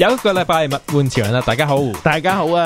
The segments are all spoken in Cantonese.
有一個禮拜物玩潮人啦，大家好，大家好啊！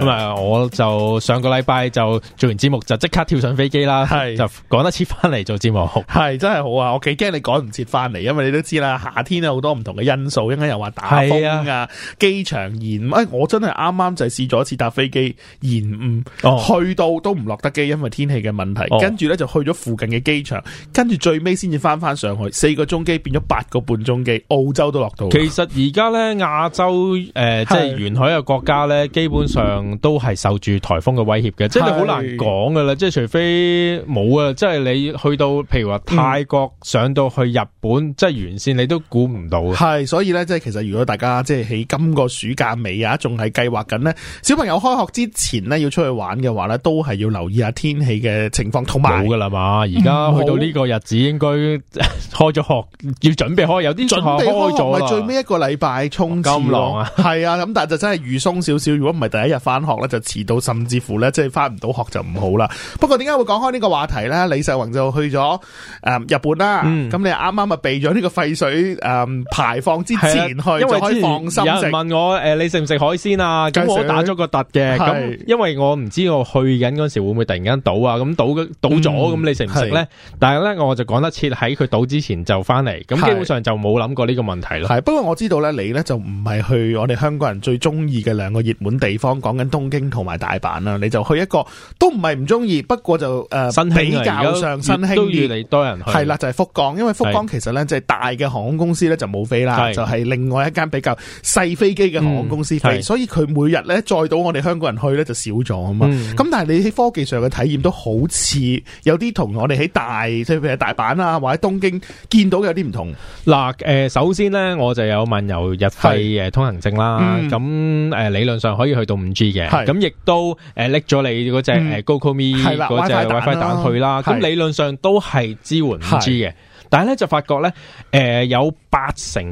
咁啊，我就上個禮拜就做完節目就即刻跳上飛機啦，係是 就趕得切翻嚟做節目，係真係好啊！我幾驚你趕唔切翻嚟，因為你都知啦，夏天有好多唔同嘅因素，應該又話打風啊，機、啊、場延誤、哎。我真係啱啱就試咗一次搭飛機延誤，哦、去到都唔落得機，因為天氣嘅問題。跟住咧就去咗附近嘅機場，跟住最尾先至翻翻上去，四個鐘機變咗八個半鐘機，澳洲都落到。其實而家咧亞洲誒、呃，即係沿海嘅國家咧，基本上都係受住台風嘅威脅嘅是，即係好難講噶啦。即係除非冇啊，即係你去到，譬如話泰國，上到去日本，嗯、即係沿線你都估唔到。係，所以咧，即係其實如果大家即係喺今個暑假尾啊，仲係計劃緊呢小朋友開學之前呢，要出去玩嘅話咧，都係要留意下天氣嘅情況，同埋噶啦嘛。而家去到呢個日子應該，應該有 開咗學，要準備開，有啲準備開咗唔係最尾一個禮拜衝。咁狼啊，係啊，咁但係就真係預鬆少少。如果唔係第一日翻學咧，就遲到，甚至乎咧，即係翻唔到學就唔好啦。不過點解會講開呢個話題咧？李世宏就去咗誒、嗯、日本啦。咁、嗯、你啱啱啊避咗呢個廢水誒、嗯、排放之前、啊、去，因為可以放心食。有人問我、呃、你食唔食海鮮啊？咁、嗯、我打咗個突嘅。咁是因為我唔知我去緊嗰時會唔會突然間倒啊？咁倒倒咗咁，嗯、你食唔食咧？是但係咧，我就講得切喺佢倒之前就翻嚟，咁基本上就冇諗過呢個問題。不過我知道咧，你咧就唔。唔係去我哋香港人最中意嘅兩個熱門地方，講緊東京同埋大阪啦，你就去一個都唔係唔中意，不過就誒、新興比較上新興，都越嚟多人去係啦，就係福岡。因為福岡其實咧就係大嘅航空公司咧就冇飛啦，就係另外一間比較細飛機嘅航空公司飛，所以佢每日咧載到我哋香港人去咧就少咗啊嘛。咁但係你喺科技上嘅體驗都好似有啲同我哋喺大，譬如喺大阪啦或者東京見到有啲唔同。嗱，誒，首先咧我就有問由日飛。通行證啦，咁、嗯、理論上可以去到五 G 嘅，咁亦都拎咗你嗰隻 GoComi 嗰隻 WiFi 蛋去啦，咁理論上都係支援五 G 嘅。但係咧就發覺咧，誒、呃、有八成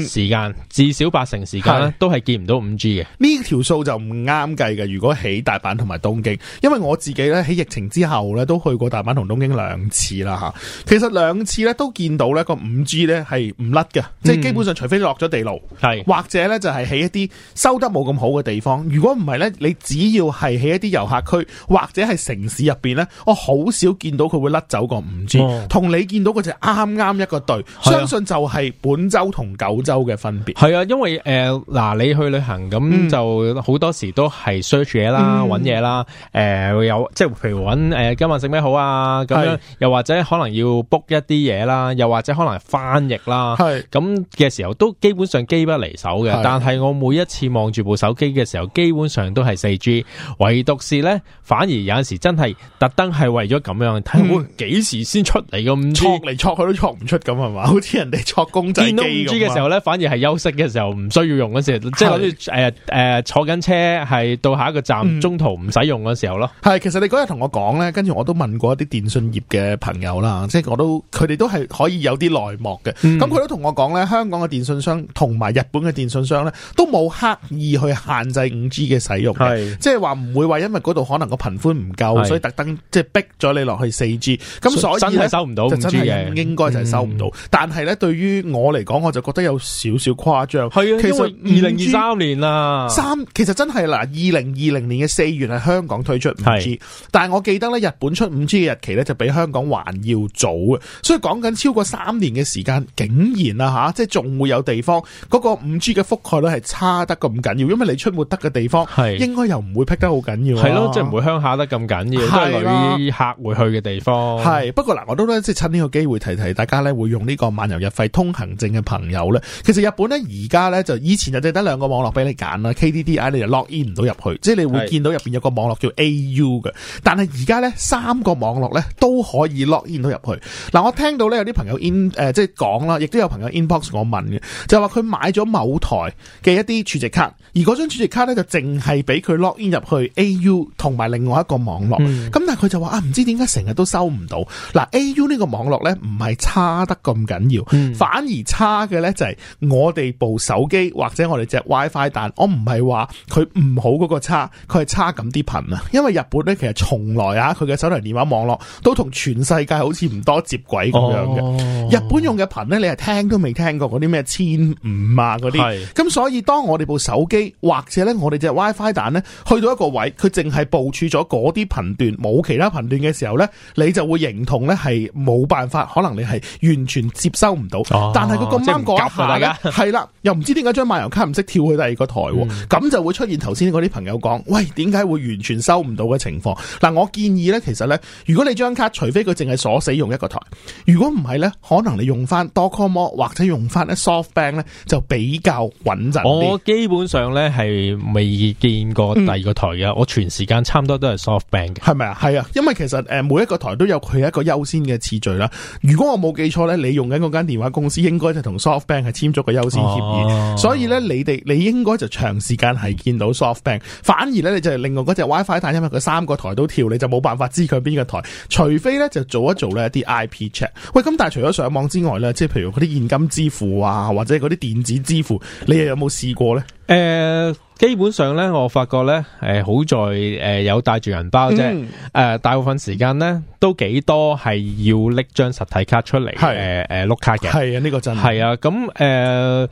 時間，嗯、至少八成時間是都係見唔到五 G 嘅。呢條數就唔啱計嘅。如果起大阪同埋東京，因為我自己咧喺疫情之後咧都去過大阪同東京兩次啦吓。其實兩次咧都見到咧個五 G 咧係唔甩嘅，嗯、即係基本上除非落咗地牢，係是或者咧就係、是、喺一啲收得冇咁好嘅地方。如果唔係咧，你只要係喺一啲遊客區或者係城市入邊咧，我好少見到佢會甩走個五 G，哦。同你見到嗰隻啱啱一個隊，相信就係本州同九州嘅分別。係啊，因為誒，嗱、呃，你去旅行咁就好多時都係 search 嘢啦，搵嘢，嗯、啦。誒、呃，有即係譬如搵誒、呃，今晚食咩好啊？咁樣是又或者可能要 book 一啲嘢啦，又或者可能係翻譯啦。係咁嘅時候，都基本上機不離手嘅。是但係我每一次望住部手機嘅時候，基本上都係四 G，唯獨是咧，反而有陣時真係特登係為咗咁樣睇，嗯、我幾時先出嚟咁？嚟去。錯唔出咁係嘛？好似人哋錯公仔機咁。五 G 嘅時候咧，反而係休息嘅時候，唔需要用嗰時候，即係好似誒誒坐緊車，係到下一個站，嗯、中途唔使用嘅時候咯。係，其實你嗰日同我講咧，跟住我都問過一啲電信業嘅朋友啦，即係我都佢哋都係可以有啲內幕嘅。咁佢、嗯、都同我講咧，香港嘅電信商同埋日本嘅電信商咧，都冇刻意去限制五 G 嘅使用，即係話唔會話因為嗰度可能個頻寬唔夠，是所以特登即係逼咗你落去四 G。咁所以收唔以到唔應該。就係收唔到，但係咧對於我嚟講，我就覺得有少少誇張。係啊，其實二零二三年啦，三其實真係嗱，二零二零年嘅四月係香港推出五 G，但係我記得咧，日本出五 G 嘅日期咧就比香港還要早嘅，所以講緊超過三年嘅時間，竟然啊吓，即係仲會有地方嗰個五 G 嘅覆蓋率係差得咁緊要，因為你出沒得嘅地方係應該又唔會僻得好緊要，係咯，即係唔會鄉下得咁緊要，都係旅客會去嘅地方。係不過嗱，我都咧即係趁呢個機會提提。大家咧會用呢個漫遊日費通行證嘅朋友咧，其實日本咧而家咧就以前就淨係得兩個網絡俾你揀啦，KDDI 你就 login 唔到入去，即係你會見到入面有個網絡叫 AU 嘅，但係而家咧三個網絡咧都可以 login 到入去。嗱，我聽到咧有啲朋友 in、呃、即係講啦，亦都有朋友 inbox 我問嘅，就話佢買咗某台嘅一啲儲值卡，而嗰張儲值卡咧就淨係俾佢 login 入去 AU 同埋另外一個網絡，咁、嗯、但佢就話啊唔知點解成日都收唔到。嗱，AU 呢個網絡咧唔係。差得咁緊要，嗯、反而差嘅，咧就係我哋部手機或者我哋隻 WiFi 蛋，我唔係話佢唔好嗰個差，佢係差咁啲頻啊。因為日本咧其實從來啊，佢嘅手提電話網絡都同全世界好似唔多接軌咁樣嘅。哦、日本用嘅頻咧，你係聽都未聽過嗰啲咩千五啊嗰啲。咁是所以當我哋部手機或者咧我哋隻 WiFi 蛋咧去到一個位，佢淨係部署咗嗰啲頻段，冇其他頻段嘅時候咧，你就會認同咧係冇辦法，可能你係完全接收唔到，哦、但係佢咁啱過一下嘅，係啦，又唔知點解張漫遊卡唔識跳去第二個台，咁、嗯、就會出現頭先嗰啲朋友講，喂，點解會完全收唔到嘅情況？嗱、啊，我建議咧，其實咧，如果你張卡，除非佢淨係鎖使用一個台，如果唔係咧，可能你用翻 o c o m o e 或者用翻咧 soft b a n k 咧，就比較穩陣。我基本上咧係未見過第二個台嘅，嗯、我全時間差唔多都係 soft b a n k 嘅，係咪啊？係啊，因為其實誒每一個台都有佢一個優先嘅次序啦。如果我冇記錯咧，你用緊嗰間電話公司應該就同 SoftBank 係簽咗個優先協議，啊、所以咧你哋你應該就長時間係見到 SoftBank，反而咧你就係另外嗰隻 WiFi，但因為佢三個台都跳，你就冇辦法知佢邊個台，除非咧就做一做咧啲 IP check。喂，咁但係除咗上網之外咧，即係譬如嗰啲現金支付啊，或者嗰啲電子支付，你又有冇試過呢？誒、呃，基本上咧，我發覺咧，誒、呃，好在誒、呃、有帶住銀包啫，誒、嗯呃，大部分時間咧都幾多係要搦張實體卡出嚟，誒誒碌卡嘅，係啊，呢、這個真係，係啊，咁、呃、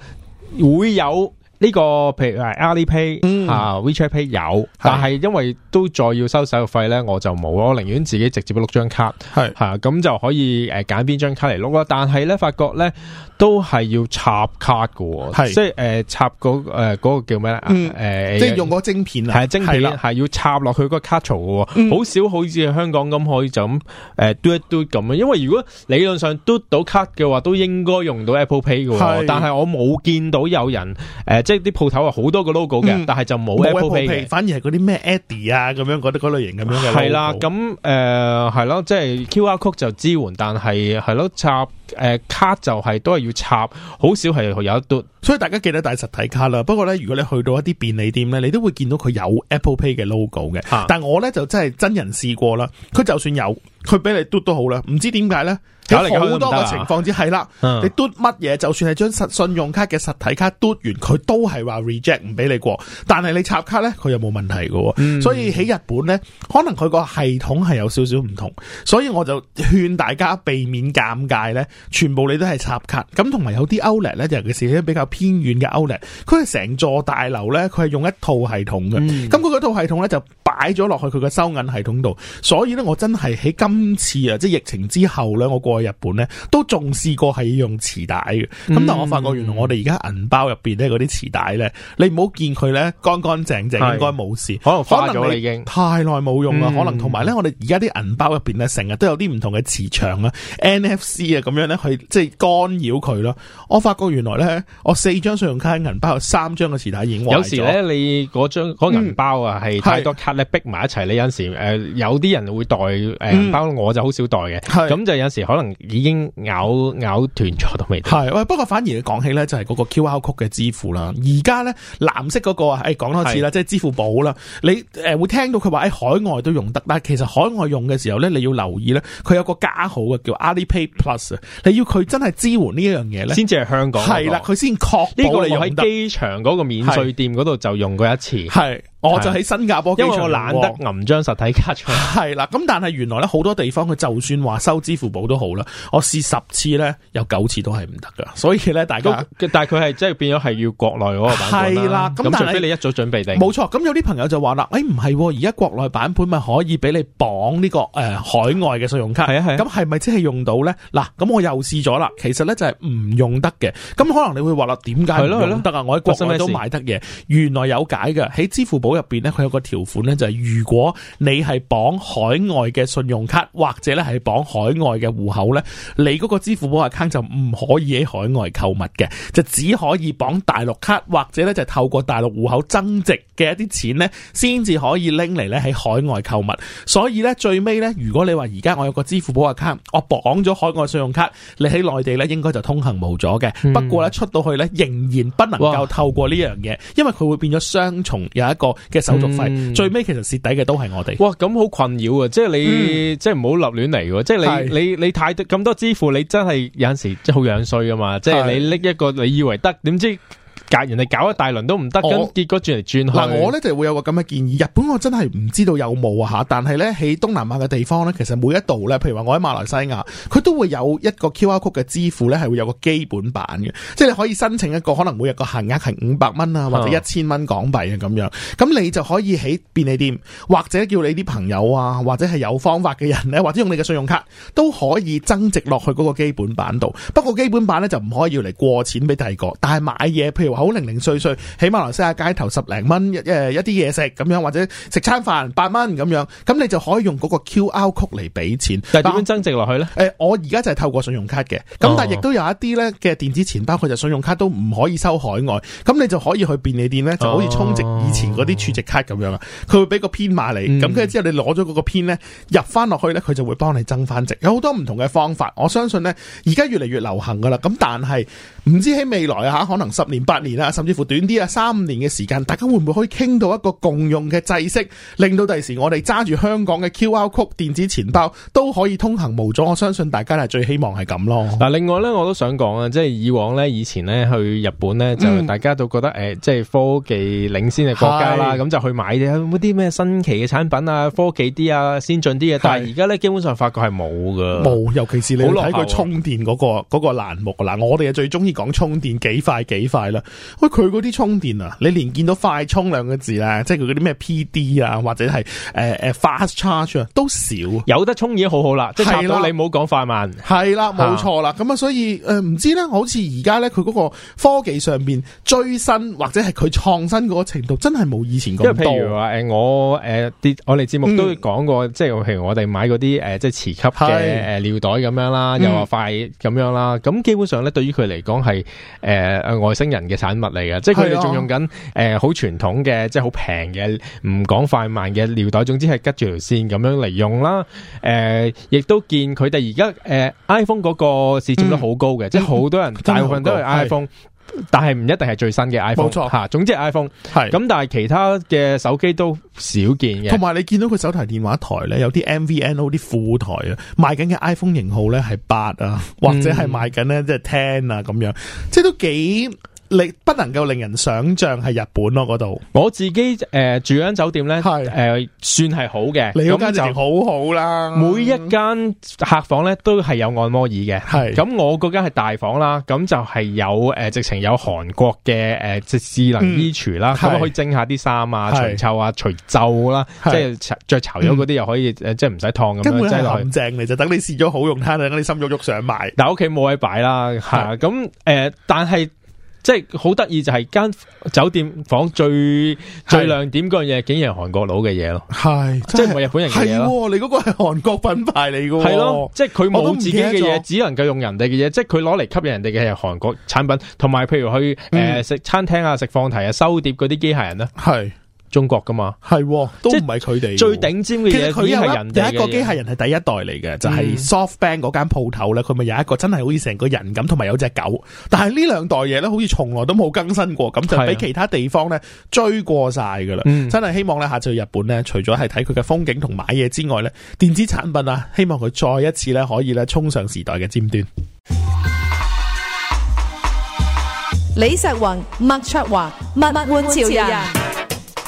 誒會有。呢個譬如誒 Alipay 啊，WeChat Pay 有，但係因為都再要收手續費咧，我就冇咯。我寧願自己直接碌張卡，咁就可以揀邊張卡嚟碌啦。但係咧發覺咧都係要插卡㗎喎。即係插嗰誒嗰個叫咩呢？即係用嗰晶片啊，係晶片係要插落去嗰個卡槽㗎喎。好少好似香港咁可以就咁誒嘟一嘟咁樣。因為如果理論上嘟到卡嘅話，都應該用到 Apple Pay 㗎喎。但係我冇見到有人誒。即係啲鋪頭啊，好多個 logo 嘅、嗯，但係就冇 Apple Pay 反而係嗰啲咩 Eddie 啊咁樣，嗰啲嗰類型咁樣嘅 logo 係啦，咁誒係咯，即、呃、係、啊就是、Q R Code 就支援，但係係咯插誒、呃、卡就係、是、都係要插，好少係有一。所以大家記得帶實體卡啦。不過咧，如果你去到一啲便利店咧，你都會見到佢有 Apple Pay 嘅 logo 嘅、啊。但係我咧就真係真人試過啦。佢就算有，佢俾你嘟都好啦。唔知點解咧，有好多個情況之係啦、啊。你嘟乜嘢，就算係將實信用卡嘅實體卡嘟完，佢都係話 reject 唔俾你過。但係你插卡咧，佢又冇問題喎。所以喺日本咧，可能佢個系統係有少少唔同，所以我就勸大家避免尷尬咧，全部你都係插卡。咁同埋有啲 Outlet 咧，尤其是比較偏。偏遠嘅歐力，佢係成座大樓咧，佢係用一套系統嘅，咁佢嗰套系統咧就。擺咗落去佢個收銀系統度，所以咧我真係喺今次啊，即係疫情之後咧，我過去去日本咧都仲試過係要用磁帶嘅。咁、嗯、但我發覺，原來我哋而家銀包入邊咧嗰啲磁帶咧，你唔好見佢咧乾乾淨淨，的應該冇事，可能壞咗啦已經。太耐冇用啦，可能同埋咧，我哋而家啲銀包入邊咧，成日都有啲唔同嘅磁場啊、NFC 啊咁樣咧，去即係干擾佢咯。我發覺原來咧，我四張信用卡銀包有三張嘅磁帶影壞咗。有時咧，你嗰張嗰銀包啊，係、嗯、太多卡。逼埋一齊，你有陣時誒、呃，有啲人會代誒、呃，包括我就好少代嘅。咁、嗯、就有時可能已經咬咬斷咗都未。係喂，不過反而你講起咧，就係嗰個 QR Code 嘅支付啦。而家咧藍色嗰、那個誒，講、欸、多次啦，是即係支付寶啦。你誒、呃、會聽到佢話喺海外都用得，但係其實海外用嘅時候咧，你要留意咧，佢有個加號嘅叫 Alipay Plus，你要佢真係支援呢一樣嘢咧，先至係香港係、那、啦、個，佢先確保你用。呢個我喺機場嗰個免稅店嗰度就用過一次。係。我就喺新加坡、啊，因為我懶得、啊、我懶得銀張實體卡出。係啦、啊，咁但係原來咧好多地方佢就算話收支付寶都好啦，我試十次咧有九次都係唔得噶。所以咧，大家、啊、但佢係即係變咗係要國內嗰個版本啦。係啦、啊，咁但係除非你一早準備定。冇錯，咁有啲朋友就話啦，誒唔係，而家、啊、國內版本咪可以俾你綁呢、這個、呃、海外嘅信用卡？係啊係。咁係咪即係用到咧？嗱，咁我又試咗啦。其實咧就係唔用得嘅。咁可能你會話啦，點解唔用得啊？我喺國外都買得嘢，原來有解嘅。喺支付寶。入邊咧，佢有個條款咧，就係如果你係綁海外嘅信用卡，或者咧係綁海外嘅戶口咧，你嗰個支付寶 account 就唔可以喺海外購物嘅，就只可以綁大陸卡，或者咧就透過大陸戶口增值嘅一啲錢咧，先至可以拎嚟咧喺海外購物。所以咧最尾咧，如果你話而家我有個支付寶 account，我綁咗海外信用卡，你喺內地咧應該就通行無阻嘅，嗯、不過咧出到去咧仍然不能夠透過呢樣嘢，哇因為佢會變咗雙重有一個。嘅手續費，嗯、最尾其實蝕底嘅都係我哋。哇，咁好困擾啊！即係你，嗯、即係唔好立亂嚟喎。即係你，是你，你太多咁多支付，你真係有陣時是即係好樣衰噶嘛。即係你拎一個，你以為得，點知？隔人哋搞一大輪都唔得，我跟結果轉嚟轉去。嗱，我咧就會有個咁嘅建議。日本我真係唔知道有冇啊嚇，但係咧喺東南亞嘅地方咧，其實每一度咧，譬如話我喺馬來西亞，佢都會有一個 QR code 嘅支付咧，係會有個基本版嘅，即係你可以申請一個，可能每日個限額係五百蚊啊，或者一千蚊港幣啊咁、嗯、樣。咁你就可以喺便利店或者叫你啲朋友啊，或者係有方法嘅人咧，或者用你嘅信用卡都可以增值落去嗰個基本版度。不過基本版咧就唔可以要嚟過錢俾第二個，但係買嘢譬如話。好零零碎碎，喺馬來西亞街頭十零蚊，一啲嘢食咁樣，或者食餐飯八蚊咁樣，咁你就可以用嗰個 QR Code 嚟俾錢，但係點樣增值落去呢？誒、欸，我而家就係透過信用卡嘅，咁、哦、但係亦都有一啲咧嘅電子錢包，佢就信用卡都唔可以收海外，咁你就可以去便利店呢，就好似充值以前嗰啲儲值卡咁樣啦，佢、哦、會俾個編碼你，咁跟住之後你攞咗嗰個編呢，入翻落去呢，佢就會幫你增翻值，有好多唔同嘅方法，我相信呢，而家越嚟越流行噶啦，咁但係唔知喺未來吓，可能十年八年。甚至乎短啲啊，三年嘅時間，大家會唔會可以傾到一個共用嘅制式，令到第時我哋揸住香港嘅 QR Code 電子錢包都可以通行無阻？我相信大家係最希望係咁咯。嗱，另外呢，我都想講啊，即係以往呢，以前呢，去日本呢，嗯、就大家都覺得誒，即、呃、係科技領先嘅國家啦，咁是就去買啲咩新奇嘅產品啊，科技啲啊，先進啲嘅。是但係而家呢，基本上發覺係冇噶，冇。尤其是你睇佢充電嗰個嗰個欄目嗱，啊、我哋啊最中意講充電幾快幾快啦。喂，佢嗰啲充電啊，你連見到快充兩個字啊，即係佢嗰啲咩 PD 啊，或者係誒誒 fast charge 啊，都少。有得充已經好好啦。即係到你唔好講快慢。係啦，冇錯啦。咁啊，所以誒唔、呃、知咧，好似而家咧，佢嗰個科技上面最新或者係佢創新嗰個程度，真係冇以前咁多。譬如話誒我誒啲、呃、我哋節目都講過，即係、嗯、譬如我哋買嗰啲誒即係磁吸嘅誒尿袋咁樣啦，是又話快咁樣啦。咁、嗯、基本上咧，對於佢嚟講係誒誒外星人嘅產物嚟噶，即係佢哋仲用緊誒好傳統嘅，即係好平嘅，唔講快慢嘅尿袋，總之係拮住條線咁樣嚟用啦。誒、呃，亦都見佢哋而家誒 iPhone 嗰個市占率好高嘅，嗯、即係好多人、嗯、大部分都係 iPhone，是但係唔一定係最新嘅 iPhone 吓錯、啊。總之 iPhone 係咁是，但係其他嘅手機都少見嘅。同埋你見到佢手提電話台咧，有啲 MVNO 啲副台啊，賣緊嘅 iPhone 型號咧係八啊，或者係賣緊咧即係 Ten 啊咁、嗯、樣，即係都幾。你不能夠令人想象係日本咯，嗰度我自己誒住嗰間酒店咧，係誒算係好嘅。你嗰間就好好啦，每一間客房咧都係有按摩椅嘅。係咁，我嗰間係大房啦，咁就係有誒直情有韓國嘅誒智能衣櫥啦，咁可以蒸下啲衫啊，除臭啊，除皺啦，即係着巢咗嗰啲又可以誒，即係唔使燙咁樣。真係正靜嚟，就等你試咗好用，睇等你心喐喐上埋。但屋企冇位擺啦，咁誒，但係。即係好得意就係間酒店房最是最亮點嗰樣嘢，竟然係韓國佬嘅嘢咯，係是即係唔係日本人嘅嘢、啊、你嗰個係韓國品牌嚟喎。係咯，即係佢冇自己嘅嘢，只能夠用人哋嘅嘢，即係佢攞嚟吸引人哋嘅係韓國產品，同埋譬如去誒、呃、食餐廳啊、食放題啊、收碟嗰啲機械人啦，係。中國噶嘛係，都唔係佢哋最頂尖嘅嘢。其實佢有第一個機械人係第一代嚟嘅，嗯、就係 SoftBank 嗰間鋪頭咧。佢咪有一個真係好似成個人咁，同埋有隻狗。但係呢兩代嘢咧，好似從來都冇更新過，咁就俾其他地方咧追過晒噶啦。嗯、真係希望咧，下次去日本咧，除咗係睇佢嘅風景同買嘢之外咧，電子產品啊，希望佢再一次咧可以咧衝上時代嘅尖端。李石雲、麥卓華、物玩潮人。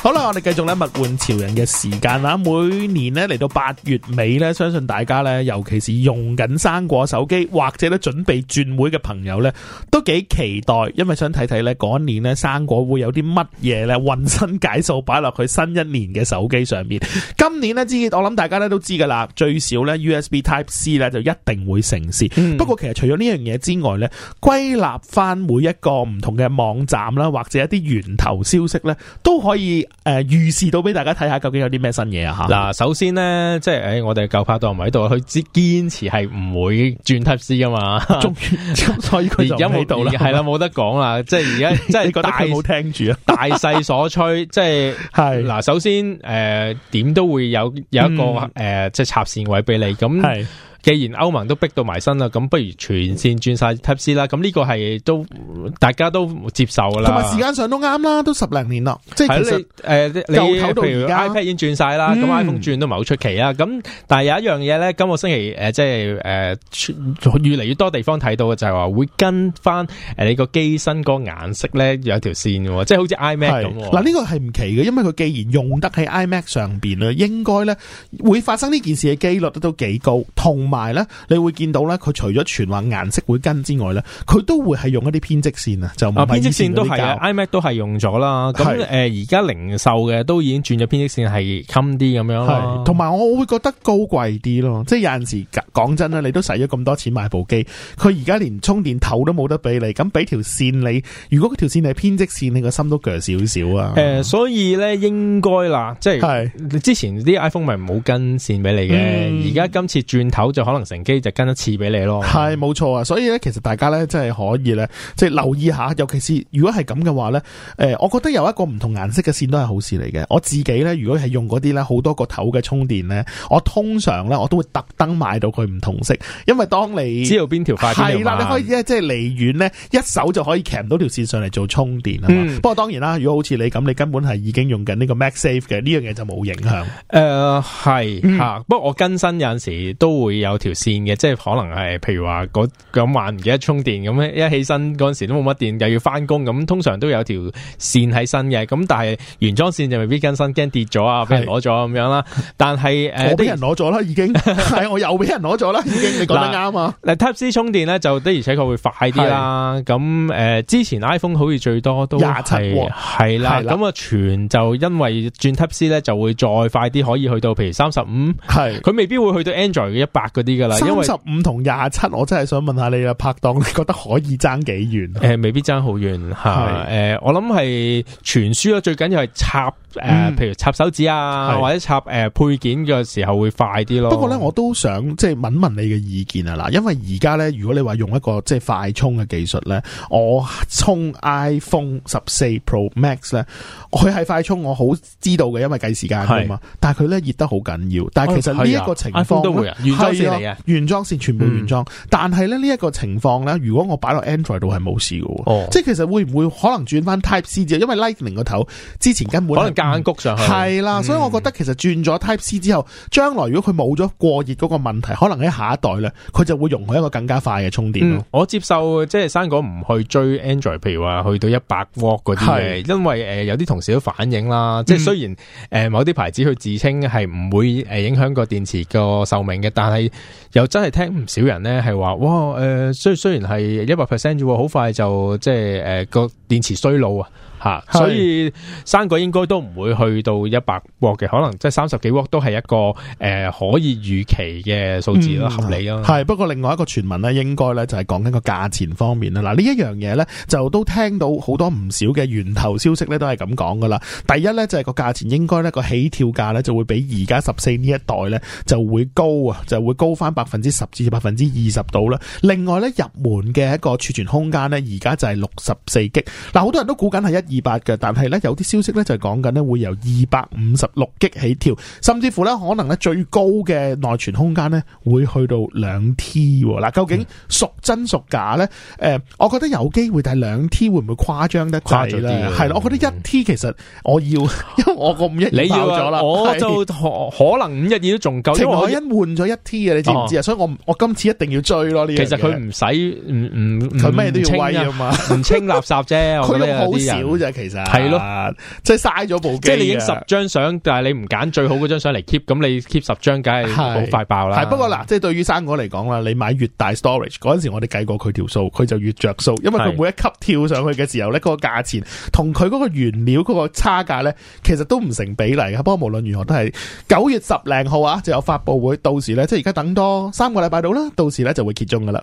好啦，我哋繼續咧物玩潮人嘅時間啦。每年咧嚟到八月尾咧，相信大家咧，尤其是用緊生果手機或者咧準備轉會嘅朋友咧，都幾期待，因為想睇睇咧嗰一年咧生果會有啲乜嘢咧，渾身解數擺落去新一年嘅手機上面。今年咧知，我諗大家咧都知噶啦，最少咧 USB Type C 咧就一定會成事。不過、嗯、其實除咗呢樣嘢之外咧，歸納翻每一個唔同嘅網站啦，或者一啲源頭消息咧，都可以。誒，預、呃、示到俾大家睇下，究竟有啲咩新嘢啊？吓嗱、啊，首先咧，即係誒、哎，我哋舊拍檔唔喺度，佢堅堅持係唔會轉 type C 噶嘛，終於所以佢就唔冇到啦，係啦，冇嗎得講啦，即係而家，即係大冇聽住啊，大勢所趨，即係係嗱，首先誒，點、呃、都會有有一個誒、嗯呃，即係插線位俾你咁係。既然歐盟都逼到埋身啦，咁不如全線轉晒 Type-C 啦。咁呢個係都大家都接受㗎啦。同埋時間上都啱啦，都十零年啦。即係的其實、呃、你由舊 iPad 已經轉晒啦，咁、嗯、iPhone 轉都唔係好出奇啊。咁但係有一樣嘢咧，今個星期即係誒越嚟越多地方睇到嘅就係、是、話會跟翻你個機身個顏色咧有一條線嘅喎，即係好似 iMac 咁。嗱呢、這個係唔奇嘅，因為佢既然用得喺 iMac 上面啦，應該咧會發生呢件事嘅機率都幾高，同。埋咧，你會見到咧，佢除咗傳話顏色會跟之外咧，佢都會係用一啲編織線啊，就編織線都係啊，i m a x 都係用咗啦。咁誒，而家是、呃、零售嘅都已經轉咗編織線係襟啲咁樣，同埋我會覺得高貴啲咯，即係有陣時講真咧，你都使咗咁多錢買部機，佢而家連充電頭都冇得俾你，咁俾條線你，如果嗰條線係編織線，你個心都鋸少少啊。誒，所以咧應該啦，即係你是之前啲 iPhone 咪冇跟線俾你嘅，而家、嗯、今次轉頭就。可能成機就跟一次俾你咯，係冇錯啊！所以咧，其實大家咧真係可以咧，即係留意下。尤其是如果係咁嘅話咧，誒，我覺得有一個唔同顏色嘅線都係好事嚟嘅。我自己咧，如果係用嗰啲咧好多個頭嘅充電咧，我通常咧我都會特登買到佢唔同色，因為當你知道邊條快啲。係啦，你可以即係離遠咧，一手就可以騎到條線上嚟做充電啊嘛、嗯。不過當然啦，如果好似你咁，你根本係已經用緊呢個 MagSafe 嘅呢樣嘢就冇影響。誒係、呃嗯、不過我更新有陣時都會有。有條線嘅，即係可能係，譬如話嗰嗰晚唔記得充電，咁一起身嗰陣時都冇乜電，又要翻工，咁通常都有條線喺身嘅。咁但係原裝線就未必跟身，驚跌咗啊，俾人攞咗咁樣啦。但係誒，我俾人攞咗啦，已經係我又俾人攞咗啦，已經。已經你講得啱啦啊。嗱，Type C 充電咧，就的而且確會快啲啦。咁誒是、呃，之前 iPhone 好似最多都廿七，係、哦、啦。咁啊啦，全就因為轉 Type C 咧，就會再快啲，可以去到譬如三十五。係，佢未必會去到 Android 嘅一百個啲噶啦，因為十五同廿七，我真係想問下你嘅拍檔，你覺得可以爭幾遠？誒、呃，未必爭好遠吓。誒、啊是的 呃，我諗係傳輸最緊要係插誒、呃，譬如插手指啊，是的 或者插誒、呃、配件嘅時候會快啲咯。不過咧，我都想即係問問你嘅意見啊嗱，因為而家咧，如果你話用一個即係快充嘅技術咧，我充 iPhone 十四 Pro Max 咧，佢係快充，我好知道嘅，因為計時間噶嘛。是的 但係佢咧熱得好緊要，但係其實呢一個情況啊。係啊，原裝線全部原裝，嗯、但係咧呢一、呢個情況咧，如果我擺落 Android 度係冇事嘅，哦、即係其實會唔會可能轉翻 Type C 之後因為 Lightning 個頭之前根本可能夾硬谷上去，係啦的，嗯、所以我覺得其實轉咗 Type C 之後，將來如果佢冇咗過熱嗰個問題，可能喺下一代咧，佢就會容許一個更加快嘅充電、嗯、我接受即係生果唔去追 Android，譬如話去到一百 w 嗰啲，係的因為誒、呃、有啲同事都反映啦，即係雖然誒、嗯呃、某啲牌子佢自稱係唔會誒影響個電池個壽命嘅，但係。又真係聽唔少人咧，係話哇，誒、呃，雖雖然係一百 percent 啫，好快就即係誒個。電池衰老啊，吓，所以生果應該都唔會去到 w, 一百瓦嘅，可能即係三十幾瓦都係一個誒可以預期嘅數字咯，合理咯。係、嗯，不過另外一個傳聞咧，應該咧就係講緊個價錢方面啦。嗱，呢一樣嘢咧就都聽到好多唔少嘅源頭消息咧，都係咁講噶啦。第一咧就係個價錢應該咧個起跳價咧就會比而家十四呢一代咧就會高啊，就會高翻，百分之十至百分之二十度啦。另外咧，入門嘅一個儲存空間咧，而家就係六十四 G。嗱，好多人都估緊係一二八嘅，但係咧有啲消息咧就講緊咧會由二百五十六 G 起跳，甚至乎咧可能咧最高嘅內存空間咧會去到兩 T。嗱、嗯，究竟孰真孰假咧？誒，我覺得有機會，但係兩 T 會唔會誇張得咗啲？係咯，我覺得一 T 其實我要，因為我個五一二你要咗、啊、啦，我就可，是可能五一二都仲夠。程海欣換咗一 T 啊，你知唔知啊？哦、所以我我今次一定要追咯。呢其實佢唔使唔唔佢咩都要威啊嘛，清垃圾啫。佢好少咋，其實係咯，即係嘥咗部機，即係你影十張相，但係你唔揀最好嗰張相嚟 keep，咁你 keep 十張，梗係好快爆啦！係不過嗱，即係對於生果嚟講啦，你買越大 storage 嗰陣時我計，我哋計過佢條數，佢就越着數，因為佢每一級跳上去嘅時候咧，嗰 個價錢同佢嗰個原料嗰個差價咧，其實都唔成比例嘅。不過無論如何都係九月十零號啊，就有發布會，到時咧，即係而家等多三個禮拜到啦，到時咧就會揭盅噶啦。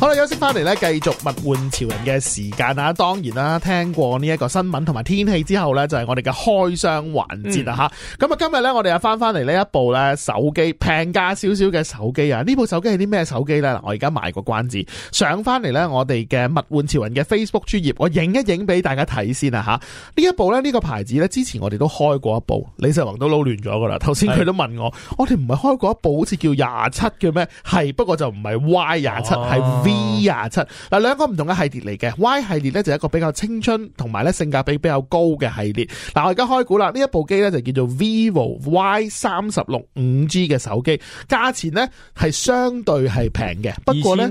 好啦，休息翻嚟咧，繼續物玩潮人嘅時間啊！當然啦，聽過呢一個新聞同埋天氣之後呢，就係我哋嘅開箱環節啦吓。咁啊、嗯，今日呢，我哋又翻翻嚟呢一部呢手機，平價少少嘅手機啊！呢部手機係啲咩手機呢？我而家賣個關子。上翻嚟呢，我哋嘅物玩潮人嘅 Facebook 專頁，我影一影俾大家睇先啊吓。呢一部呢，呢、這個牌子呢，之前我哋都開過一部，李世宏都撈亂咗噶啦。頭先佢都問我，是我哋唔係開過一部好似叫廿七嘅咩？係，不過就唔係 Y 廿七，啊，係 V b 廿七嗱，兩個唔同嘅系列嚟嘅 Y 系列咧就一個比較青春同埋咧性價比比較高嘅系列。嗱我而家開估啦，呢一部機咧就叫做 Vivo Y 三十六五 G 嘅手機，價錢呢係相對係平嘅，不過呢，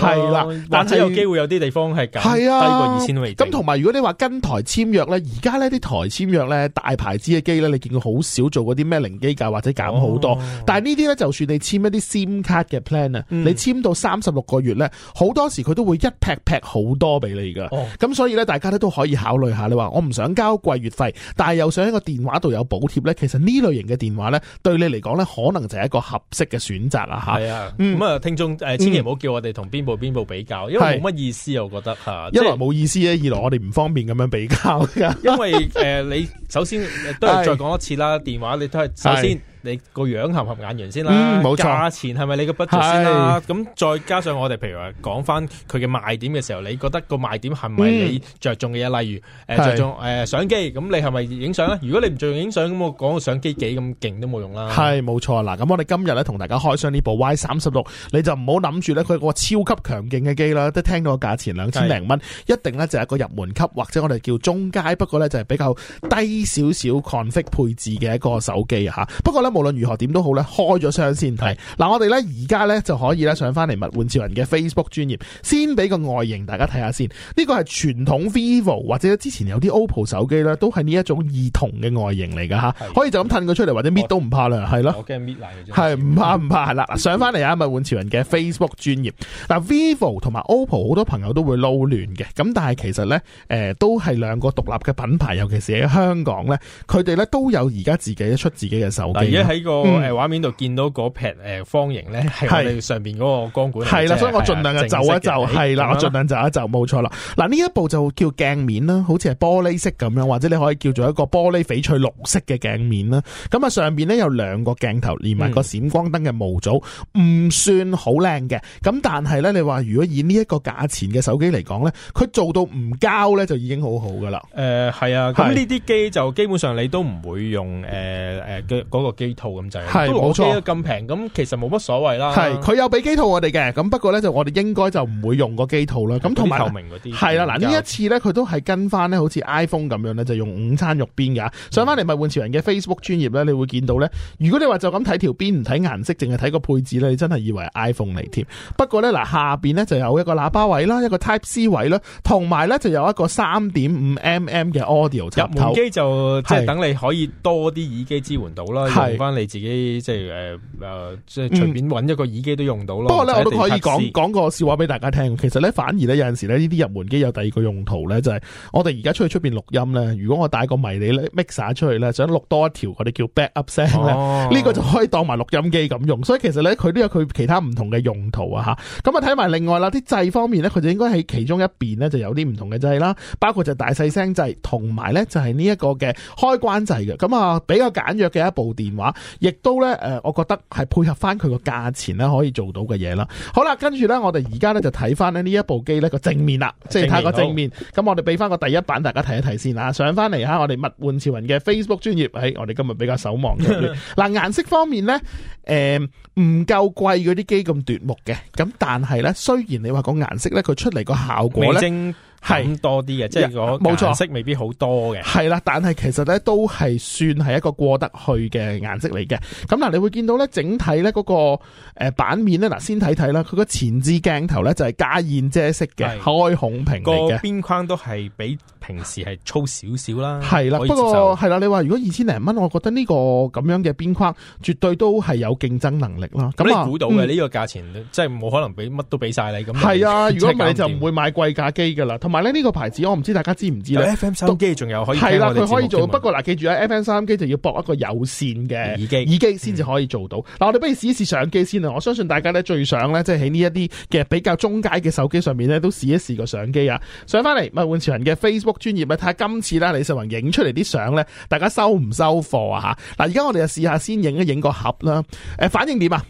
係啦、啊，了但係是有機會有啲地方係減，係啊，低過二千蚊。咁同埋如果你話跟台簽約呢，而家呢啲台簽約呢，大牌子嘅機呢，你見佢好少做嗰啲咩零機價或者減好多，哦、但係呢啲呢，就算你簽一啲 SIM 卡嘅 plan 啊、嗯，你簽到三十六個月呢。好多時佢都會一劈劈好多俾你噶，咁所以咧，大家咧都可以考慮下。你話我唔想交貴月費，但係又想喺個電話度有補貼咧，其實呢類型嘅電話咧，對你嚟講咧，可能就係一個合適嘅選擇啦，吓。係啊，咁啊，聽眾誒，千祈唔好叫我哋同邊部邊部比較，因為冇乜意思，我覺得吓。一來冇意思咧，二來我哋唔方便咁樣比較。因為誒，你首先都係再講一次啦，電話你都係首先。你個樣合唔合眼緣先啦？嗯，冇錯。價錢係咪你個 budget 先啦？咁是再加上我哋，譬如話講翻佢嘅賣點嘅時候，你覺得個賣點係咪你着重嘅嘢？嗯、例如誒着、呃、是重誒、呃、相機，咁你係咪影相咧？ 如果你唔着重影相，咁我講個相機幾咁勁都冇用啦。係，冇錯。嗱，咁我哋今日咧同大家開箱呢部 Y 三十六，你就唔好諗住咧佢個超級強勁嘅機啦。都聽到個價錢兩千零蚊，是一定咧就係一個入門級或者我哋叫中階，不過咧就係比較低少少 config 配置嘅一個手機吓，不過無論如何點都好咧，開咗箱先睇。嗱是、啊，我哋咧而家咧就可以咧上翻嚟物玩潮人嘅 Facebook 專頁，先俾個外形大家睇下先。呢、這個係傳統 VIVO 或者之前有啲 OPPO 手機咧，都係呢一種異同嘅外形嚟噶吓。的可以就咁褪佢出嚟或者搣都唔怕啦，係咯我，係唔了怕唔怕係啦。上翻嚟啊，物玩潮人嘅 Facebook 專頁。嗱，VIVO 同埋 OPPO 好多朋友都會撈亂嘅，咁但係其實咧，誒、呃，都係兩個獨立嘅品牌，尤其是喺香港咧，佢哋咧都有而家自己出自己嘅手機。喺、嗯、個誒畫面度見到嗰誒方形咧，係是我哋上邊嗰個光管、就是。係啦，所以我盡量就走一走係啦，我盡量就一就冇錯啦。嗱，呢一部就叫鏡面啦，好似係玻璃色咁樣，或者你可以叫做一個玻璃翡翠綠色嘅鏡面啦。咁啊上邊咧有兩個鏡頭，連埋個閃光燈嘅模組，唔、嗯、算好靚嘅。咁但係咧，你話如果以呢一個價錢嘅手機嚟講咧，佢做到唔膠咧就已經好好噶啦。誒係啊，咁呢啲機就基本上你都唔會用誒誒、呃那個機套咁制，係冇錯咁平，咁其實冇乜所謂啦。係佢有俾機套我哋嘅，咁不過呢，就我哋應該就唔會用個機套啦。咁同埋透明嗰啲，係啦，嗱呢一次呢，佢都係跟翻呢好似 iPhone 咁樣呢，就用午餐肉邊噶。上翻嚟咪換潮人嘅 Facebook 專頁呢，你會見到呢。如果你話就咁睇條邊唔睇顏色，淨係睇個配置呢，你真係以為 iPhone 嚟添。不過呢，嗱下邊呢就有一個喇叭位啦，一個 Type C 位啦，同埋呢就有一個三點五 mm 嘅 Audio 插頭，入門機就即係等你可以多啲耳機支援到啦。翻你自己即係誒誒，即係隨、呃、便揾一個耳機都用到咯。不過咧我都可以講講個笑話俾大家聽。其實咧反而咧有陣時咧呢啲入門機有第二個用途咧，就係、是、我哋而家出去出邊錄音咧。如果我帶個迷你 mixer 出去咧，想錄多一條，我哋叫 back up 聲咧，呢、哦、個就可以當埋錄音機咁用。所以其實咧佢都有佢其他唔同嘅用途啊吓。咁啊睇埋另外啦，啲掣方面咧，佢就應該喺其中一邊咧就有啲唔同嘅掣啦，包括大聲、就大細聲掣，同埋咧就係呢一個嘅開關掣嘅。咁啊比較簡約嘅一部電話。亦都咧，誒，我覺得係配合翻佢個價錢咧，可以做到嘅嘢啦。好啦，跟住咧，我哋而家咧就睇翻咧呢一部機咧個正面啦，即係睇下個正面。咁我哋俾翻個第一版，大家睇一睇先啦。上翻嚟吓，我哋物玩潮人嘅 Facebook 專頁，喺我哋今日比較手忙嘅。嗱、 呃，顏色方面咧，誒、呃，唔夠貴嗰啲機咁奪目嘅。咁但係咧，雖然你話個顏色咧，佢出嚟個效果咧。係多啲嘅，是即係嗰顏色未必好多嘅錯，係啦的。但係其實咧都係算係一個過得去嘅顏色嚟嘅。咁嗱，你會見到咧整體咧、那、嗰個誒、呃、版面咧，嗱先睇睇啦。佢個前置鏡頭咧就係加燕遮式嘅開孔屏嘅，邊、那個、框都係白。平時係粗少少啦，係啦、啊，不過係啦、啊。你話如果二千零蚊，我覺得呢個咁樣嘅邊框絕對都係有競爭能力啦。咁你估到嘅呢、嗯、個價錢，即係冇可能俾乜都俾晒你咁。係啊，如果唔係你就唔會買貴價機噶啦。同埋呢、這個牌子，我唔知大家知唔知咧？F M 三機仲都有可以係啦，佢、啊、可以做。不過嗱，記住啊，F M 三機就要駁一個有線嘅耳機，耳機先至可以做到。嗱、嗯，我哋不如試一試相機先啊！我相信大家咧最想咧，即係喺呢一啲嘅比較中階嘅手機上面咧，都試一試個相機啊！上翻嚟物玩潮人嘅 Facebook。專業咪，睇下今次咧，李世宏影出嚟啲相咧，大家收唔收貨啊吓？嗱，而家我哋就試下先影一影個盒啦。誒，反應點啊？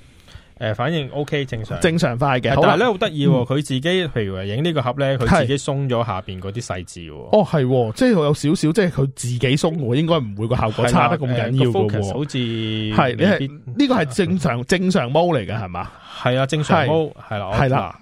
誒，反應 O、OK, K，正常，正常快嘅。但係咧，好得意，佢、嗯、自己，譬如影呢個盒咧，佢自己鬆咗下邊嗰啲細節。哦，係，即係有少少，即係佢自己鬆，應該唔會個效果差得咁緊要。好似係你係呢個係正常、嗯、正常 mode 嚟嘅係嘛？係啊，正常 mode 係啦。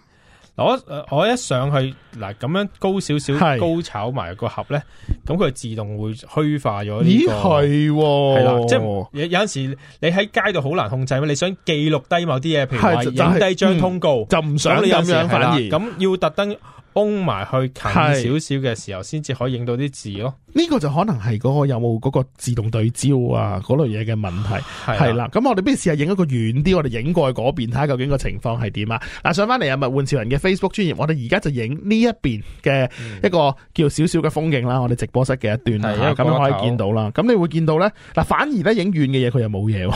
我我一上去嗱咁樣高少少高炒埋個盒咧，咁佢是自動會虛化咗、這個。咦，係喎、係喇，即係有有陣時你喺街度好難控制嘛，你想記錄低某啲嘢，譬如話影低張通告，就唔、是嗯、想你咁樣反而，咁要特登。崩埋去近少少嘅時候，先至可以影到啲字咯。呢、這個就可能係嗰個有冇嗰個自動對焦啊，嗰類嘢嘅問題。係、啊、啦，咁我哋不如試下影一個遠啲，我哋影過去嗰邊睇下究竟個情況係點啊？嗱，上翻嚟啊，物玩潮人嘅 Facebook 專頁，我哋而家就影呢一邊嘅一個叫少少嘅風景啦。嗯、我哋直播室嘅一段，係啊，咁可以見到啦。咁你會見到咧，嗱，反而咧影遠嘅嘢，佢又冇嘢。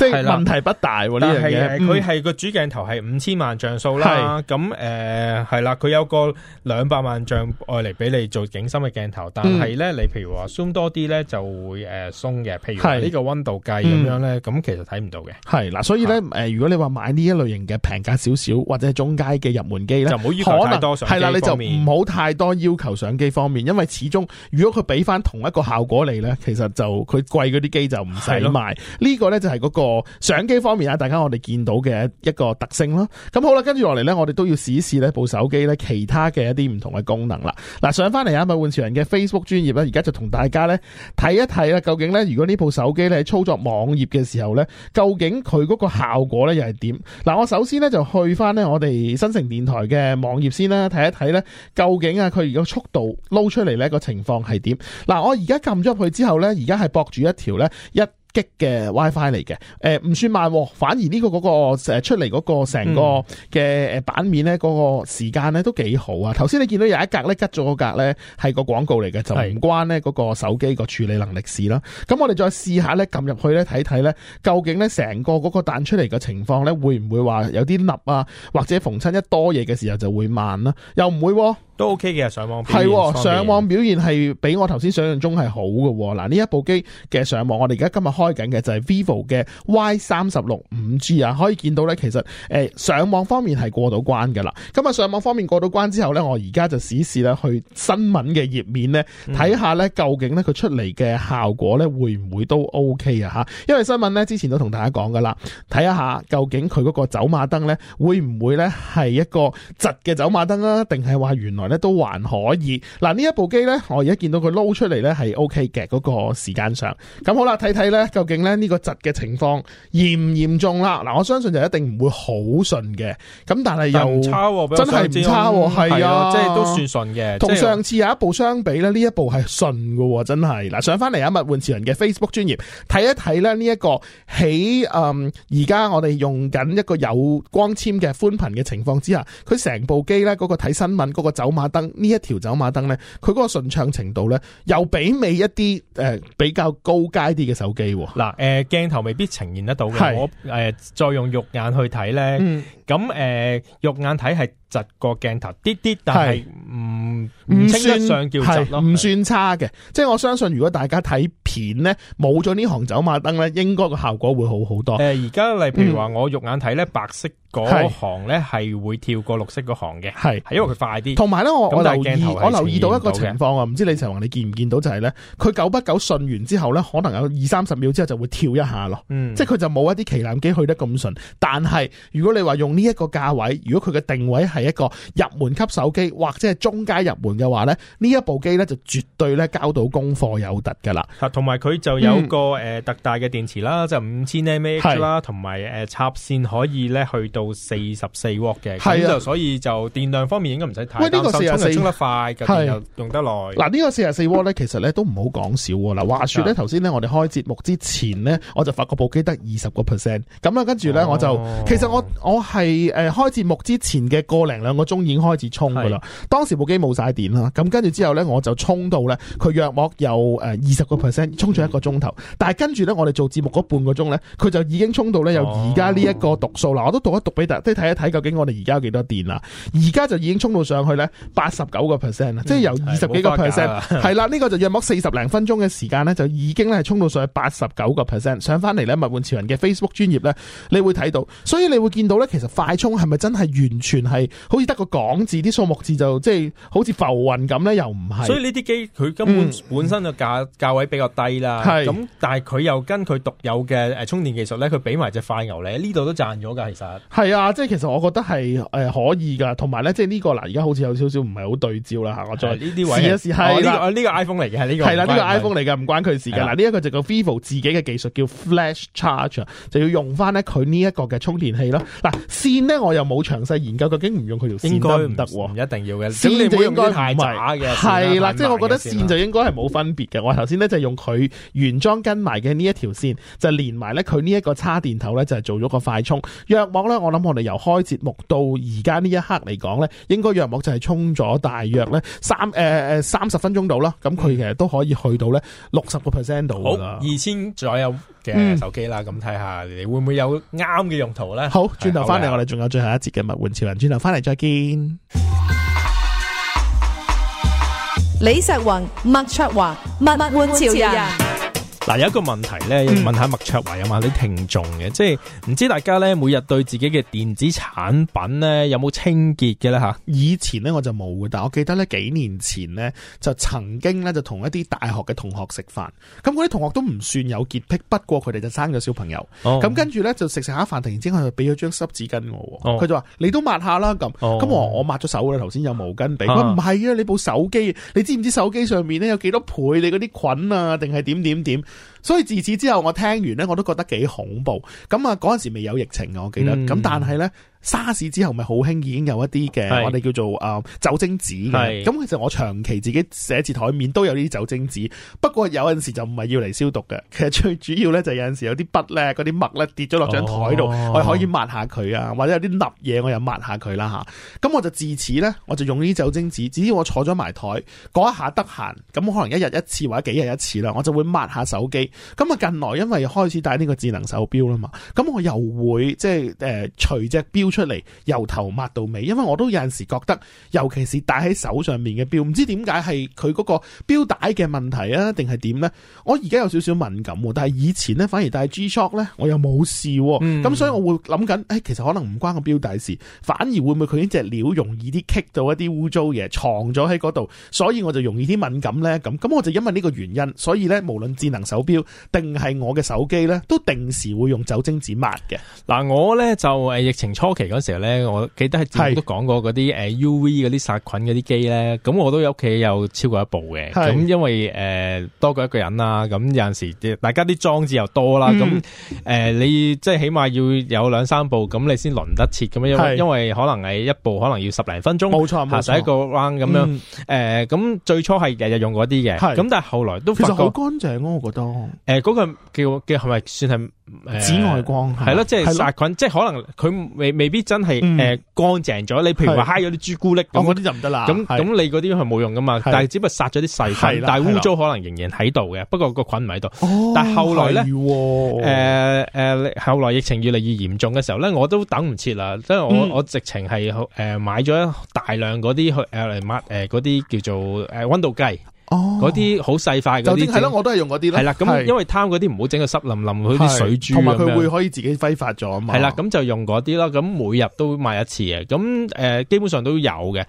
即係問題不大喎呢樣嘢，佢係個主鏡頭係五千萬像素啦。咁誒係啦，佢、嗯嗯嗯、有個兩百萬像素愛嚟俾你做景深嘅鏡頭。但係咧，嗯、你譬如話 zoom 多啲咧，就會誒鬆嘅。譬如呢個溫度計咁樣咧，咁、嗯、其實睇唔到嘅。係啦，所以咧誒，啊、如果你話買呢一類型嘅平價少少或者中階嘅入門機咧，就唔好要，要求太多相機係啦，你就唔好太多要求相機方面，嗯、因為始終如果佢俾翻同一個效果你咧，其實就佢貴嗰啲機就唔使賣。呢的個咧就係嗰、那個。相機方面啊，大家我哋見到嘅一個特性咯。咁好啦，跟住落嚟呢，我哋都要試一試咧，部手機呢其他嘅一啲唔同嘅功能啦。嗱，上翻嚟啊，物玩潮人嘅 Facebook 專頁呢，而家就同大家呢睇一睇啦，究竟呢，如果呢部手機喺操作網頁嘅時候呢，究竟佢嗰個效果呢又係點？嗱，我首先呢就去翻呢我哋新城電台嘅網頁先啦，睇一睇呢究竟啊佢而家速度撈出嚟呢個情況係點？嗱，我而家撳咗入去之後呢，而家係駁住一條呢。一。激嘅 WiFi 嚟嘅，誒唔、呃、算慢、哦，反而呢個嗰、那個誒、呃、出嚟嗰個成個嘅誒版面咧，嗰、嗯、個時間咧都幾好啊。頭先你見到有一格咧，吉咗個格咧係個廣告嚟嘅，就唔關咧嗰個手機個處理能力事啦。咁是我哋再試下咧，撳入去咧睇睇咧，究竟咧成個嗰個彈出嚟嘅情況咧會唔會話有啲立啊？或者逢親一多嘢嘅時候就會慢啦、啊，又唔會、哦。都 OK 嘅上網係，上網表現係、哦、比我頭先想象中係好嘅嗱呢一部機嘅上網，我哋而家今日開緊嘅就係 VIVO 嘅 Y 三十六五 G 啊，可以見到咧，其實誒上網方面係過到關噶啦。咁啊，上網方面過到關之後咧，我而家就試試咧去新聞嘅頁面咧睇下咧，看看究竟咧佢出嚟嘅效果咧會唔會都 OK 啊？吓，因為新聞咧之前都同大家講噶啦，睇一下究竟佢嗰個走馬燈咧會唔會咧係一個窒嘅走馬燈啊，定係話原來。都還可以，嗱、啊、呢一部機呢，我而家見到佢撈出嚟、OK 那個、呢，係 O K 嘅嗰個時間上，咁好啦，睇睇呢究竟呢，呢、這個窒嘅情況嚴唔嚴重啦？嗱、啊，我相信就一定唔會好順嘅，咁但係又差，真係唔差，係啊，即係都算順嘅。同上次有一部相比部、啊啊、看看呢，呢一部係順嘅，真係嗱。上返嚟啊，物玩潮人嘅 Facebook 專頁睇一睇呢，呢一個喺誒而家我哋用緊一個有光纖嘅寬頻嘅情況之下，佢成部機呢嗰、那個睇新聞、那個走。馬登呢一條走馬燈咧，佢嗰個順暢程度咧，又媲美一啲誒比較高階啲嘅手機。嗱、嗯，誒鏡頭未必呈現得到嘅，是我誒再用肉眼去睇咧。嗯咁誒，肉眼睇係窒個鏡頭啲啲，但係唔唔稱得上叫窒咯，唔算差嘅。即係我相信，如果大家睇片咧，冇咗呢行走馬燈咧，應該個效果會好好多。而家例譬如話我肉眼睇咧，白色嗰行咧係會跳過綠色嗰行嘅，係因為佢快啲。同埋咧，我我留意我留意到一個情況啊，唔知李成宏你見唔見到？就係咧，佢久不久順完之後咧，可能有二三十秒之後就會跳一下咯。即係佢就冇一啲旗艦機去得咁順，但係如果你話用。呢一個價位，如果佢嘅定位係一個入門級手機或者係中階入門嘅話咧，呢一部機咧就絕對咧交到功課有突嘅啦。嚇，同埋佢就有個誒特大嘅電池啦，嗯、就五千 mAh 啦是，同埋誒插線可以咧去到四十四 W 嘅。係啊，所以就電量方面應該唔使睇。喂，呢個四十四得快嘅，又是用得耐。嗱，呢、呢個四十四 W 咧，其實咧都唔好講少喎。嗱，話説咧，頭先咧我哋開節目之前咧，我就發覺部機得二十個 percent 咁啦，跟住咧我就、哦、其實我我係。係誒，開節目之前嘅個零兩個鐘已經開始充噶啦。是當時部機冇晒電啦，咁跟住之後呢，我就充到呢。佢約莫有誒二十個 percent，充咗一個鐘頭。嗯、但係跟住呢，我哋做節目嗰半個鐘呢，佢就已經充到呢。有而家呢一個讀數。嗱、哦，我都讀一讀俾大家睇一睇，究竟我哋而家有幾多電啦？而家就已經充到上去呢，八十九個 percent 啦，即係由二十幾個 percent，係啦，呢、嗯這個就約莫四十零分鐘嘅時間呢，就已經咧係充到上去八十九個 percent，上翻嚟呢，物玩潮人嘅 Facebook 專頁呢，你會睇到，所以你會見到呢。其實。快充係咪真係完全係好似得個港字啲數目字，就即係好似浮雲咁咧？又唔係？所以呢啲機佢根本本身嘅價價位比較低啦。咁，但係佢又跟佢獨有嘅誒充電技術咧，佢俾埋隻快牛咧，呢度都賺咗噶。其實係啊，即係其實我覺得係誒可以噶。同埋咧，即係呢個嗱，而家好似有少少唔係好對焦啦吓。我再試一試。呢個呢 iPhone 嚟嘅，呢個係啦，呢個 iPhone 嚟嘅，唔關佢事㗎。嗱，呢一個就叫 Vivo 自己嘅技術叫 Flash Charge，就要用翻咧佢呢一個嘅充電器咯。嗱。線咧我又冇詳細研究，究竟唔用佢條線該唔得喎，唔一定要嘅。線就唔應該太渣嘅，啊，係啦的，即係的、啊、我覺得線就應該係冇分別嘅。我頭先咧就用佢原裝跟埋嘅呢一條線，就連埋咧佢呢一個叉電頭咧就係做咗個快充。約莫咧，我諗我哋由開節目到而家呢一刻嚟講咧，應該約莫就係充咗大約咧三誒誒三十分鐘度啦。咁佢、嗯、其實都可以去到咧六十個 percent 度。好，二千左右嘅手機啦，咁睇下你會唔會有啱嘅用途咧？好，轉頭翻嚟。我哋仲有最後一節嘅物玩潮人，轉頭翻嚟，再見。李石雲、麥卓華、物玩潮人。嗱，有一個問題咧，嗯、問下麥卓華有嘛？你聽眾嘅，即係唔知大家咧每日對自己嘅電子產品咧有冇清潔嘅咧吓？以前咧我就冇嘅，但我記得咧幾年前咧就曾經咧就同一啲大學嘅同學食飯，咁嗰啲同學都唔算有潔癖，不過佢哋就生咗小朋友，咁、哦哦、跟住咧就食食下飯，突然之間就俾咗張濕紙巾我，佢、哦、就話你都抹下啦咁，咁、哦哦、我我抹咗手啦，頭先有毛巾俾，佢唔係啊，你部手機，你知唔知手機上面咧有幾多倍你嗰啲菌啊，定係點點點？所以自此之後，我聽完呢，我都覺得幾恐怖。咁啊，嗰陣時未有疫情啊，我記得。咁、嗯、但係呢。沙士之後咪好興，已經有一啲嘅是我哋叫做啊、嗯、酒精紙咁是其實我長期自己寫字台面都有啲酒精紙，不過有陣時就唔係要嚟消毒嘅。其實最主要呢，就有陣時有啲筆呢、嗰啲墨呢跌咗落張台度，哦、我可以抹下佢啊，或者有啲粒嘢我又抹下佢啦嚇。咁我就自此呢，我就用呢啲酒精紙。只要我坐咗埋台嗰一下得閒，咁我可能一日一次或者幾日一次啦，我就會抹下手機。咁啊近來因為開始戴呢個智能手錶啦嘛，咁我又會即係誒、呃、除隻錶。出嚟由頭抹到尾，因為我都有陣時覺得，尤其是戴喺手上面嘅錶，唔知點解係佢嗰個錶帶嘅問題啊，定係點呢？我而家有少少敏感，但係以前呢，反而戴 G Shock 呢，Shock，我又冇事，咁、嗯、所以我會諗緊，誒，其實可能唔關個錶帶事，反而會唔會佢呢隻料容易啲棘到一啲污糟嘢，藏咗喺嗰度，所以我就容易啲敏感呢。咁。咁我就因為呢個原因，所以呢，無論智能手錶定係我嘅手機呢，都定時會用酒精紙抹嘅。嗱，我呢就誒、呃、疫情初期。嗰時候咧，我記得係節目都講過嗰啲誒 U V 嗰啲殺菌嗰啲機咧，咁我都有屋企有超過一部嘅，咁是因為誒、呃、多過一個人啦，咁有陣時候大家啲裝置又多啦，咁誒、嗯呃、你即係起碼要有兩三部，咁你先輪得切咁樣，是因為可能係一部可能要十零分鐘，冇錯冇錯，行晒一個 round 咁樣，誒咁、嗯呃、最初係日日用嗰啲嘅，咁是但係後來都發覺其實好乾淨咯，我覺得，誒嗰、呃那個叫叫係咪算係？紫外光係咯，即係殺菌，即係可能佢未未必真係誒乾淨咗。你譬如話揩咗啲朱古力，咁嗰啲就唔得啦。咁咁你嗰啲係冇用噶嘛？但係只不過殺咗啲細菌，但係污糟可能仍然喺度嘅。不過個菌唔喺度。哦，但係後來咧，誒誒，後來疫情越嚟越嚴重嘅時候咧，我都等唔切啦。即係我我直情係誒買咗大量嗰啲去嚟抹誒啲叫做誒溫度計。哦，嗰啲好細塊就啲，係咯，我都係用嗰啲啦。係啦的，咁的因為貪嗰啲唔好整個濕淋淋，佢啲水珠，同埋佢會可以自己揮發咗啊嘛。係啦，咁就用嗰啲啦。咁每日都抹一次嘅，咁誒、呃，基本上都有嘅。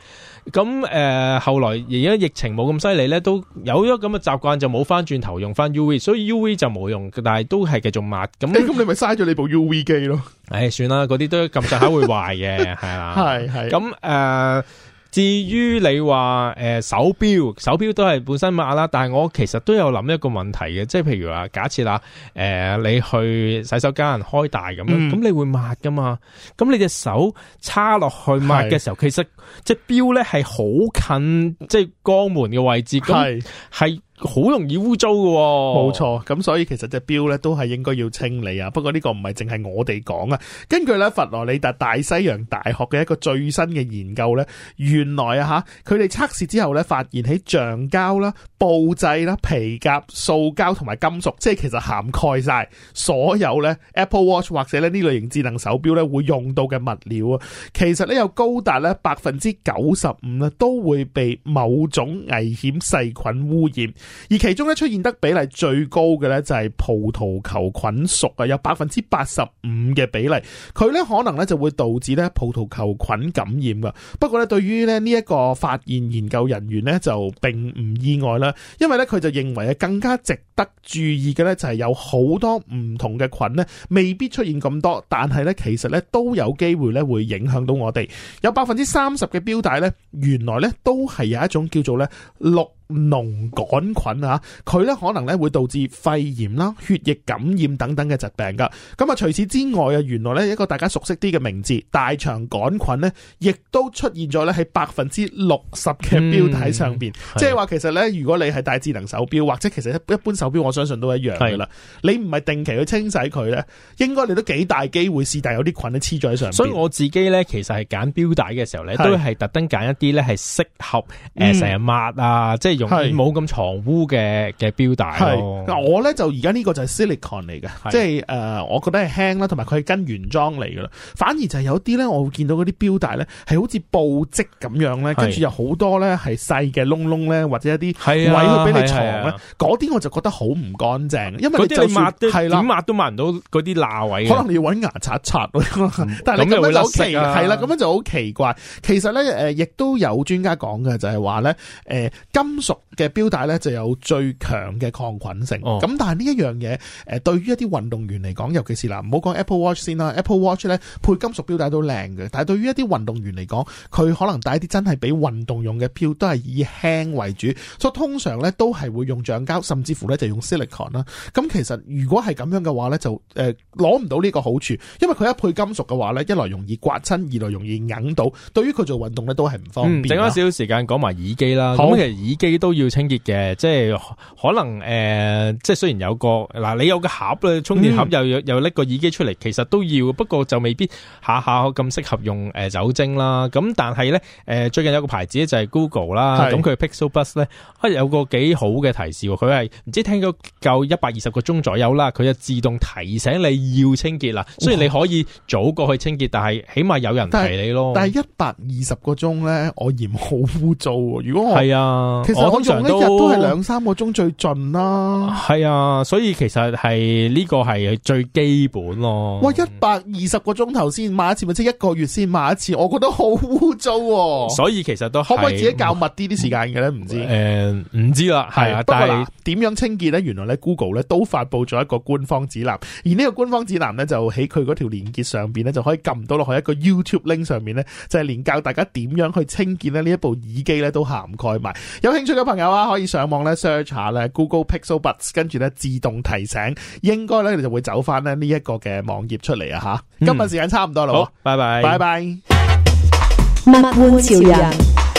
咁誒、呃，後來而家疫情冇咁犀利咧，都有咗咁嘅習慣，就冇翻轉頭用翻 U V，所以 U V 就冇用，但係都係繼續抹。咁，咁、欸、你咪嘥咗你部 U V 機咯？誒、哎，算啦，嗰啲都撳晒下會壞嘅，係啦，係係。咁誒。至於你話、呃、手錶，手錶都係本身抹啦，但係我其實都有諗一個問題嘅，即係譬如話假設啦，誒、呃、你去洗手間開大咁，咁、嗯、你會抹噶嘛？咁你隻手叉落去抹嘅時候，是其實隻錶咧係好近，即係肛門嘅位置，係是好容易污糟嘅喎，冇錯。咁所以其實隻錶咧都係應該要清理啊。不過呢個唔係淨係我哋講啊，根據咧佛羅里達大西洋大學嘅一個最新嘅研究咧，原來啊吓，佢哋測試之後咧發現喺橡膠啦。布製啦、皮革、塑膠同埋金屬，即係其實涵蓋晒所有咧 Apple Watch 或者咧呢類型智能手錶咧會用到嘅物料啊。其實咧有高達咧百分之九十五咧都會被某種危險細菌污染，而其中咧出現得比例最高嘅咧就係葡萄球菌屬啊，有百分之八十五嘅比例，佢咧可能咧就會導致咧葡萄球菌感染㗎。不過咧對於咧呢一個發現研究人員咧就並唔意外啦。因為咧，佢就認為啊，更加值得注意嘅，呢，就係有好多唔同嘅菌呢，未必出現咁多，但係呢，其實呢都有機會呢，會影響到我哋。有百分之三十嘅錶帶呢，原來呢都係有一種叫做呢。六。農桿菌啊，佢咧可能咧會導致肺炎啦、血液感染等等嘅疾病噶。咁啊，除此之外啊，原來咧一個大家熟悉啲嘅名字大腸桿菌咧，亦都出現咗咧喺百分之六十嘅錶帶上邊。即係話，其實咧，如果你係戴智能手錶或者其實一一般手錶，我相信都是一樣噶啦。的你唔係定期去清洗佢咧，應該你都幾大機會是但有啲菌咧黐咗喺上面。所以我自己咧，其實係揀錶帶嘅時候咧，是的都係特登揀一啲咧係適合，誒成日抹啊，嗯、即係。容易冇咁藏污嘅嘅錶帶咯。嗱，我咧就而家呢個就係 silicon 嚟嘅，即係誒，我覺得係輕啦，同埋佢係跟原裝嚟噶啦。反而就係有啲咧，我會見到嗰啲錶帶咧，係好似布織咁樣咧，跟住是有好多咧係細嘅窿窿咧，或者一啲位去俾你藏咧。嗰啲，啊啊、我就覺得好唔乾淨，因為你就算係啦，抹，啊、都抹唔到嗰啲罅位。可能你要揾牙刷刷，但係你咁係啦，咁、嗯，樣就好奇，啊啊、奇怪。其實咧，誒、呃，亦都有專家講嘅，就係話咧，誒，金。嘅表帶咧就有最強嘅抗菌性，咁、哦、但係呢一樣嘢，誒對於一啲運動員嚟講，尤其是嗱，唔好講 Apple Watch 先啦，Apple Watch 咧配金屬表帶都靚嘅，但係對於一啲運動員嚟講，佢可能帶一啲真係俾運動用嘅表都係以輕為主，所以通常咧都係會用橡膠，甚至乎咧就用 silicon 啦。咁其實如果係咁樣嘅話咧，就誒攞唔到呢個好處，因為佢一配金屬嘅話咧，一來容易刮親，二來容易硬到。對於佢做運動咧都係唔方便。嗯、剩翻少少時間講埋耳機啦，講嘅好耳機。都要清潔嘅，即係可能誒、呃，即係雖然有個嗱，你有個盒咧，充電盒又、嗯、又拎個耳機出嚟，其實都要，不過就未必下下咁適合用誒、呃、酒精啦。咁但係咧誒，最近有個牌子咧就係、是、Google 啦，咁佢 Pixel Buds 咧係，佢有個幾好嘅提示，佢係唔知聽咗夠一百二十個鐘左右啦，佢就自動提醒你要清潔啦。嗯、雖然你可以早過去清潔，但係起碼有人提你咯。但係一百二十個鐘咧，我嫌好污糟。如果係啊，我通常都一日都係兩三個鐘最盡啦、啊，係啊，所以其實係呢個係最基本咯、啊。哇，一百二十個鐘頭先抹一次，咪、就、即、是、一個月先抹一次？我覺得好污糟。所以其實都可唔可以自己較密啲啲時間嘅咧？唔、嗯、知誒，唔、嗯、知啦，係啊。但係點樣清潔咧？原來咧 Google 咧都發布咗一個官方指南，而呢個官方指南咧就喺佢嗰條鏈接上邊咧就可以撳到落去一個 YouTube link 上面咧，就係、是、連教大家點樣去清潔咧呢一部耳機咧都涵蓋埋。嗯、有興趣啲朋友啊，可以上網咧 search 下咧 Google Pixel Buds，跟住咧自動提醒，應該咧你就會走翻咧呢一個嘅網頁出嚟啊吓。嗯、今日時間差唔多啦，好，拜拜，拜拜。物玩潮人。